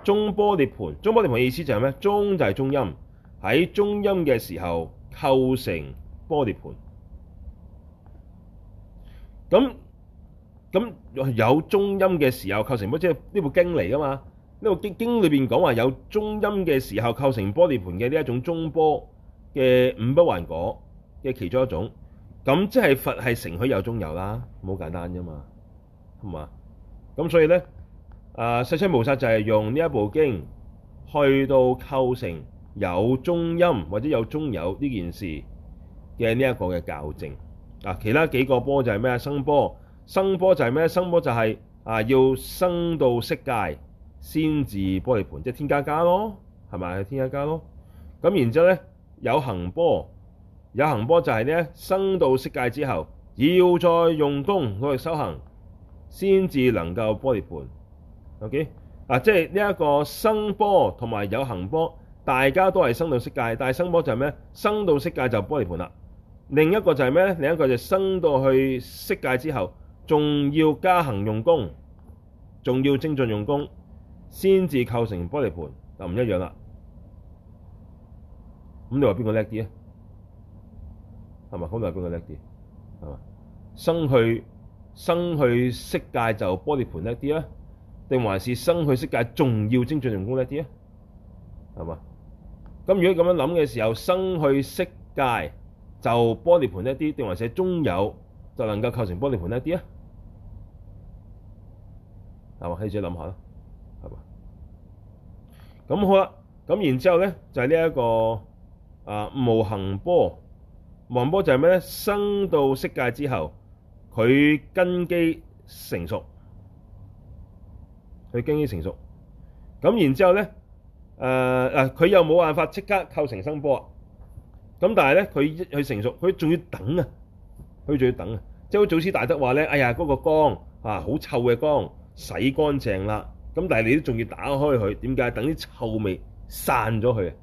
中般涅槃，中般涅槃嘅意思就係咩？中就係中陰，喺中陰嘅時候構成般涅槃。咁咁有中陰嘅時候構成波，即係呢部經嚟㗎嘛？呢部經經裏面講話有中陰嘅時候構成般涅槃嘅呢一種中般嘅五不還果嘅其中一種。咁即係佛係承許有中有啦，好簡單啫嘛，係嘛？咁所以咧，誒世親菩薩就係用呢一部經去到構成有中陰或者有中有呢件事嘅呢一個嘅教證。啊，其他幾個般就係咩啊？生般。生般就係咩？生般就係啊，要生到色界先至般涅槃，即係添加加咯，係咪？添加加咯。咁然之後咧，有行般，有行般就係咧，生到色界之後，要再用功攞嚟修行，先至能夠般涅槃。OK，啊，即係呢一個生般同埋有行般，大家都係生到色界，但係生般就係咩？生到色界就般涅槃啦。另一個就係咩咧？另一個就係生到去色界之後。仲要加行用功，仲要精準用功，先至構成般涅槃，就唔一樣啦。咁你話邊個叻啲啊？係嘛？咁你話邊個叻啲？係嘛？生去生去色界就般涅槃叻啲啊？定還是生去色界仲要精進用功叻啲啊？係嘛？咁如果咁樣諗嘅時候，生去色界就般涅槃叻啲，定還是中有就能夠構成般涅槃叻啲啊？係嘛，你自己諗下啦，係嘛？咁好啦，咁然之後咧就係呢一個啊、呃、無行波，無行波就係咩咧？生到色界之後，佢根基成熟，佢根基成熟，咁然之後咧，誒、呃、佢又冇辦法即刻構成生波啊。咁但係咧，佢佢成熟，佢仲要等啊，佢仲要等啊，即係好似祖師大德話咧，哎呀嗰、那個光啊好臭嘅光。洗乾淨啦，咁但係你都仲要打開佢，點解？等啲臭味散咗佢啊！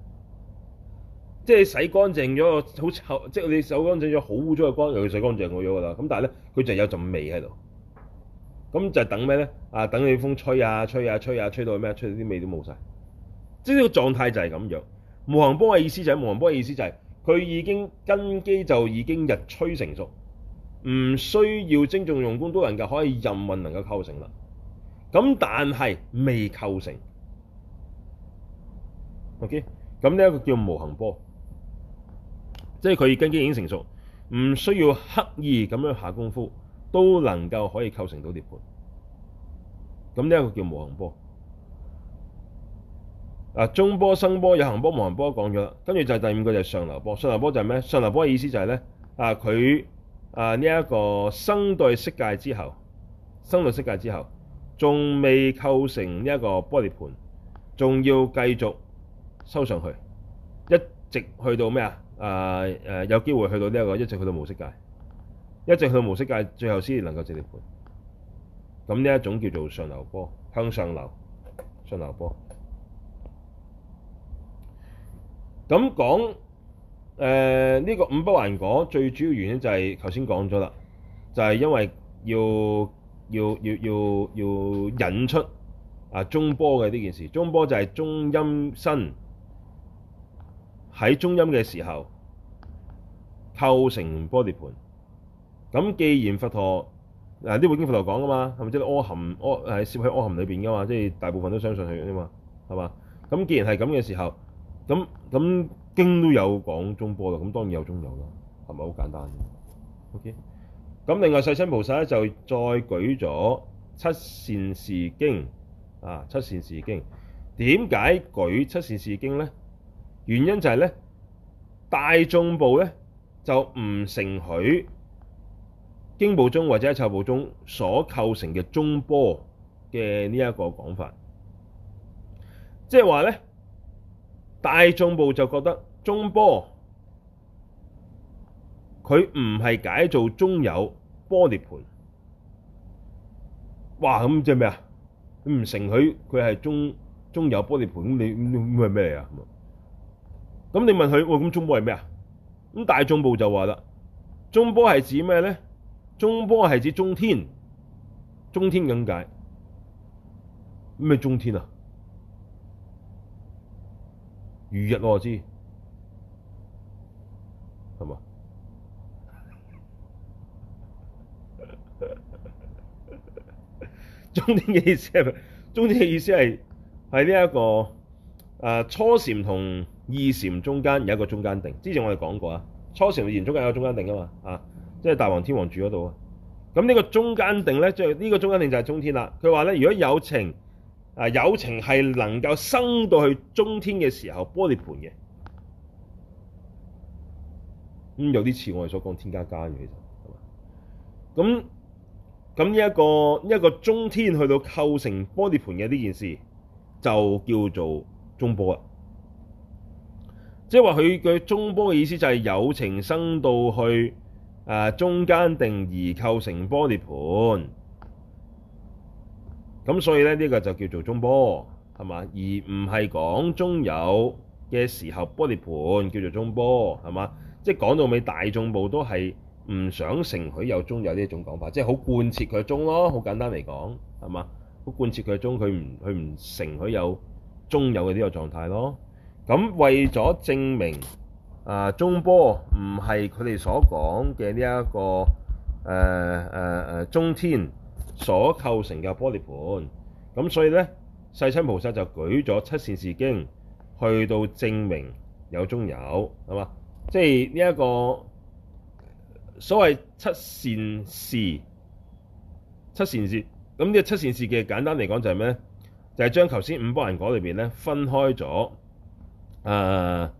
即係洗乾淨咗，好臭，即係你手乾淨咗，好污糟嘅缸，又要洗乾淨咗嘅啦。咁但係咧，佢就有陣味喺度。咁就等咩咧？啊，等你風吹啊，吹啊，吹啊，吹到咩？吹到啲味，到味都冇晒。即係個狀態就係咁樣。無行般嘅意思就係無行般嘅意思就係、是、佢已經根基就已經日趨成熟，唔需要精進用功，都能夠可以任運能夠構成啦。咁但係未構成，OK？咁呢一個叫無行般，即係佢根基已經成熟，唔需要刻意咁樣下功夫，都能夠可以構成到涅槃。咁呢一個叫無行般。嗱，中般、生般、有行般、無行般講咗啦，跟住就係第五個就係上流般。上流般就係咩？上流般嘅意思就係、是、咧，啊佢啊呢一個生到色界之後，生到色界之後。仲未構成呢一個般涅槃，仲要繼續收上去，一直去到咩啊、呃呃？有機會去到呢、這、一個，一直去到無色界，一直去到無色界，最後先能夠證涅槃。咁呢一種叫做上流般，向上流，上流般。咁講呢個五不還果，最主要原因就係頭先講咗啦，就係、是、因為要。要要要要引出啊中般嘅呢件事，中般就係中陰身喺中陰嘅時候透成般涅槃。咁既然佛陀啊呢部經佛陀講噶嘛，係咪即係阿含、阿係攝喺阿含裏邊噶嘛？即、就、係、是、大部分都相信佢噶嘛，係嘛？咁既然係咁嘅時候，咁咁經都有講中般啦，咁當然有中有啦，係咪好簡單？O K。Okay? 咁另外世親菩薩咧就再舉咗《七善士經》啊，《七善士經》點解舉《七善士經》咧？原因就係咧，大眾部咧就唔承許經部中或者係釈部中所構成嘅中般嘅呢一個講法，即係話咧，大眾部就覺得中般。佢唔係解做中有般涅槃，哇咁即係咩啊？唔承許佢佢係中中有般涅槃，咁你咁係咩嚟啊？咁你問佢，喂咁中般係咩啊？咁大眾部就話啦，中般係指咩咧？中般係指中天，中天咁解，咩中天啊？如日我知，係嘛？中天嘅意思係，中天嘅意思係喺呢一個誒、啊、初禪同二禪中間有一個中間定。之前我哋講過啊，初禪同二禪中間有一個中間定噶嘛，啊，即係大梵天王住嗰度啊。咁呢個中間定咧，即係呢個中間定就係中天啦。佢話咧，如果有情啊，有情係能夠生到去中天嘅時候，般涅槃嘅。咁、嗯、有啲似我哋所講天加加嘅其實係嘛？咁。那咁呢一個呢一個中天去到構成般涅槃嘅呢件事，就叫做中般。即係話佢嘅中般嘅意思就係有情生到去、啊、中間定而構成般涅槃。咁所以咧呢個就叫做中般係嘛？而唔係講中有嘅時候般涅槃叫做中般係嘛？即係講到尾大眾部都係，唔想承許有中有呢一種講法，即係好貫徹佢中咯，好簡單嚟講，係嘛？好貫徹佢中，佢唔佢唔承許有中有嘅呢個狀態咯。咁為咗證明啊、呃、中般唔係佢哋所講嘅呢一個誒誒、呃呃、中天所構成嘅般涅槃，咁所以咧世親菩薩就舉咗七善士經去到證明有中有係嘛？即係呢一個，所謂七善士、七善士，咁呢個七善士嘅簡單嚟講就係咩？就係、是、將頭先五般人嗰裏面咧分開咗，誒、呃、誒、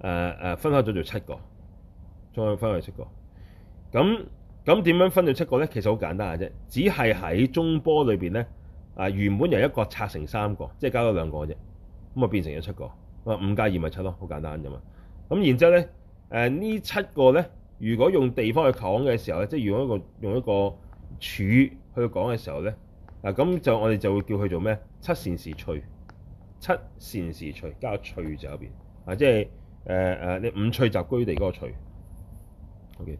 呃呃、分開咗做七個，再分開七個。咁咁點樣分咗七個咧？其實好簡單嘅啫，只係喺中般裏面咧，啊、呃、原本由一個拆成三個，即係加咗兩個啫，咁啊變成咗七個，五加二咪七咯，好簡單啫嘛。咁然之後咧，呢、呃、七個咧。如果用地方去講嘅時候咧，即係用一個用一個處去講嘅時候咧，嗱、啊、咁就我哋就會叫佢做咩？七善士趣，七善士趣，加個趣就入邊，啊即係誒誒，你五趣集居地嗰個趣。O.K.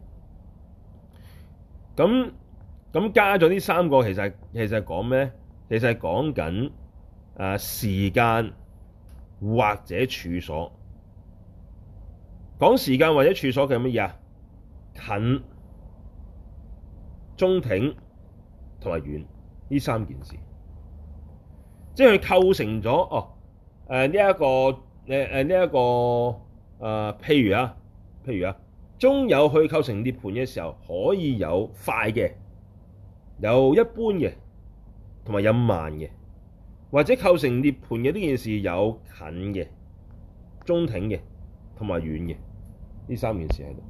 咁咁加咗呢三個，其實其實係講咩？其實係講緊誒時間或者處所。講時間或者處所嘅係乜嘢啊？近、中挺同埋遠呢三件事，即係佢構成咗哦誒呢一個誒誒呢一個誒、呃，譬如啊，譬如啊，中有去構成涅槃嘅時候，可以有快嘅，有一般嘅，同埋有慢嘅，或者構成涅槃嘅呢件事有近嘅、中挺嘅同埋遠嘅呢三件事喺度。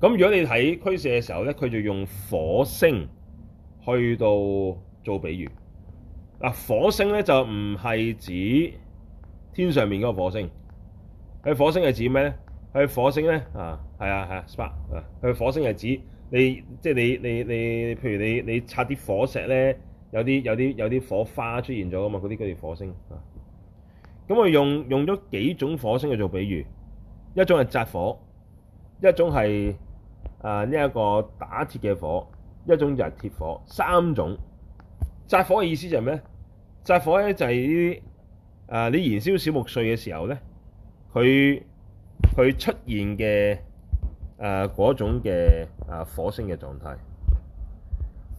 咁如果你睇趨射嘅時候咧，佢就用火星去到做比喻。嗱，火星咧就唔係指天上面嗰個火星，佢火星係指咩咧？佢火星咧啊，係啊係啊 spark 佢火星係指你，即係你你你，譬如你你擦啲火石咧，有啲有啲有啲火花出現咗㗎嘛，嗰啲叫做火星。咁我用用咗幾種火星去做比喻，一種係札火，一種係。啊！呢、這、一個打鐵嘅火，一種就係鐵火，三種。札火嘅意思就係咩咧？札火咧就係呢啲啊！你燃燒小木碎嘅時候咧，佢佢出現嘅啊嗰種嘅啊火星嘅狀態。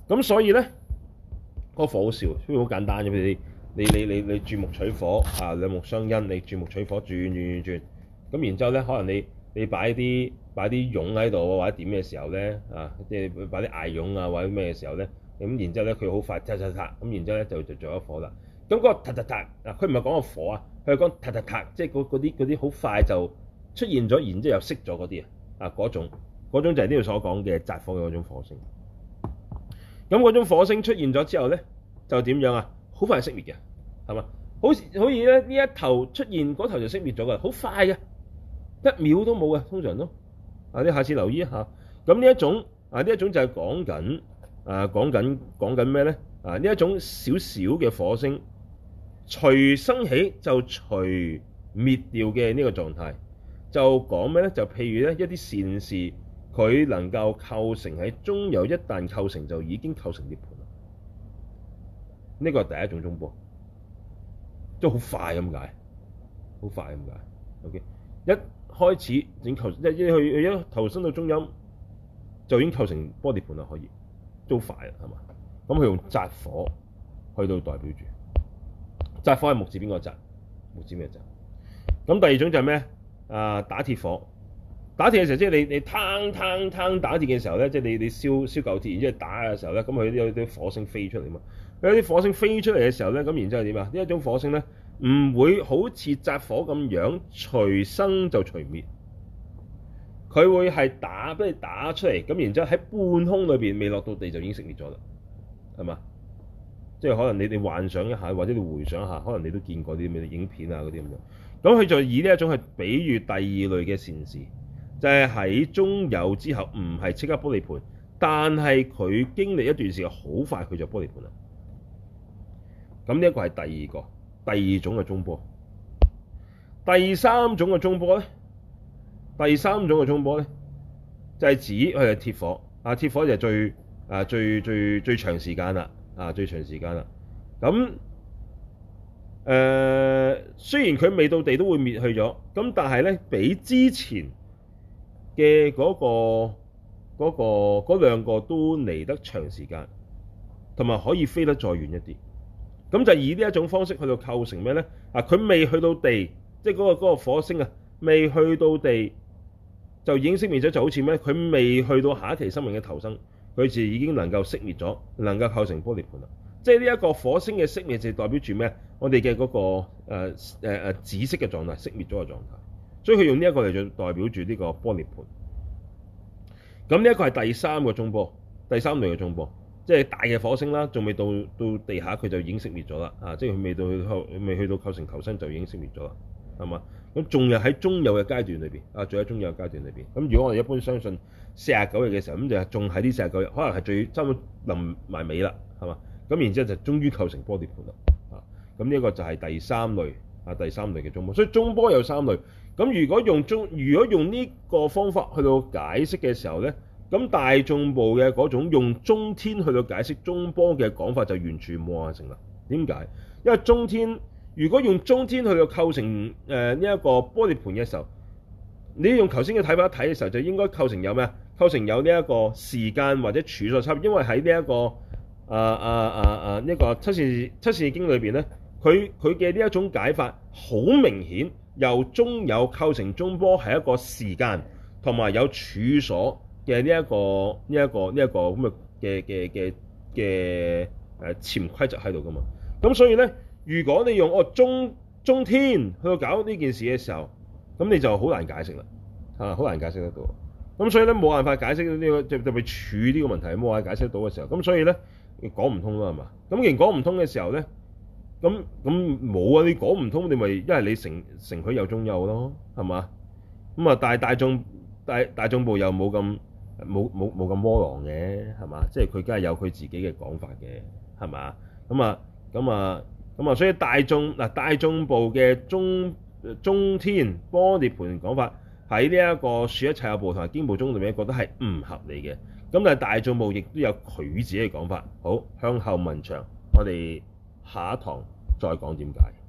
咁所以咧，嗰、那個火好少，所以好簡單啫。譬如你你你你，你鑽木取火啊，兩木相因，你鑽木取火，轉轉轉轉，咁然之後咧，可能你。你擺啲擺啲蛹喺度啊，或者點嘅時候咧啊，即係擺啲艾蛹啊，或者咩嘅時候咧，咁、啊、然之後咧佢好快刷刷刷，咁然之後咧就就着咗火啦。咁、那、嗰個刷刷刷佢唔係講個火啊，佢係講刷刷刷，即係嗰啲啲好快就出現咗，然之後又熄咗嗰啲啊，啊嗰種嗰種就係呢度所講嘅札火嘅嗰種火星。咁嗰種火星出現咗之後咧，就點樣啊？好快熄滅嘅，係嘛？好似好似咧呢一頭出現，嗰頭就熄滅咗嘅，好快嘅。一秒都冇嘅，通常都。啊，你下次留意一下。咁呢一種啊，呢一種就係講緊啊，講緊講緊咩咧？啊，呢啊一種少少嘅火星，隨升起就隨滅掉嘅呢個狀態，就講咩咧？就譬如咧，一啲善士，佢能夠構成喺中有，一旦構成就已經構成涅盤。呢、這個係第一種中般，即係好快咁解，好快咁解。O、OK? K，一。開始整求一一去一投身到中陰，就已經構成般涅槃啦。可以都快啦，係嘛？咁佢用札火去到代表住，札火係木字邊個札？木字咩札？咁第二種就係咩？啊打鐵火，打鐵嘅時候，即係你你攤攤攤打鐵嘅時候咧，即係你你燒燒，燒舊鐵，然之後打嘅時候咧，咁佢有啲火星飛出嚟嘛？佢有啲火星飛出嚟嘅時候咧，咁然之後點啊？呢一種火星咧。唔會好似札火咁樣隨生就隨滅，佢會係打，俾你打出嚟咁，然之後喺半空裏面未落到地就已經熄滅咗啦。係嘛？即係可能你哋幻想一下，或者你回想一下，可能你都見過啲咩影片啊嗰啲咁樣。咁佢就以呢一種係比喻第二類嘅善士，就係、是、喺中有之後唔係即刻般涅槃，但係佢經歷一段時間，好快佢就般涅槃啦。咁呢一個係第二個。第二種嘅中般，第三種嘅中般咧，第三種嘅中般咧，就係指佢係鐵火啊！鐵火就係最啊最最最長時間啦，啊最長時間啦。咁誒，雖然佢未到地都會滅去咗，咁但係咧，比之前嘅嗰個嗰個嗰兩個都嚟得長時間，同埋可以飛得再遠一啲。咁就以呢一種方式去到構成咩咧？啊，佢未去到地，即係、那、嗰個、那個火星啊，未去到地就已經熄滅咗，就好似咩？佢未去到下一期生命嘅投生，佢就已經能夠熄滅咗，能夠構成般涅槃啦。即係呢一個火星嘅熄滅，就代表住咩？我哋嘅嗰個誒誒、呃呃、紫色嘅狀態熄滅咗嘅狀態，所以佢用呢一個嚟做代表住呢個般涅槃。咁呢一個係第三個中般，第三類嘅中般。即係大嘅火星啦，仲未到到地下，佢就已經熄滅咗啦啊！即係佢未到去未去到構成投生，就已經熄滅咗啦，係嘛？咁仲有喺中有嘅階段裏面，啊，仲喺中有嘅階段裏面。咁如果我哋一般相信四十九日嘅時候，咁就仲喺呢四十九日，可能係最差唔多臨埋尾啦，係嘛？咁然之後就終於構成般涅槃啦啊！咁呢個個就係第三類啊，第三類嘅中般，所以中般有三類。咁如果用中，如果用呢個方法去到解釋嘅時候咧？咁大眾部嘅嗰種用中天去到解釋中般嘅講法就完全冇話成立。點解？因為中天如果用中天去到構成誒呢一個般涅槃嘅時候，你用頭先嘅睇法一睇嘅時候，就應該構成有咩啊？構成有呢一個時間或者處所差別。因為喺呢一個啊啊啊啊呢、這個七善七善士經裏邊咧，佢佢嘅呢一種解法好明顯，由中有構成中般係一個時間同埋有處所。嘅呢一個呢一個呢一個咁嘅嘅嘅嘅嘅誒潛規則喺度噶嘛，咁所以咧，如果你用我、哦、中中天去搞呢件事嘅時候，咁你就好難解釋啦，嚇好難解釋得到。咁所以咧，冇辦法解釋呢個特別處呢個問題冇辦法解釋到嘅時候，咁所以咧講唔通啦，係嘛？咁既然講唔通嘅時候咧，咁咁冇啊！你講唔通，你咪因為你城城區有中有咯，係嘛？咁啊，大大眾大大眾部又冇咁。冇冇冇咁魔狼嘅，係嘛？即係佢梗係有佢自己嘅講法嘅，係嘛？咁啊，咁啊，咁啊，所以大眾嗱大眾部嘅中中天般涅槃講法，喺呢一個說一切有部同埋經部中裏面覺得係唔合理嘅。咁但係大眾部亦都有佢自己嘅講法。好，向後文長，我哋下一堂再講點解。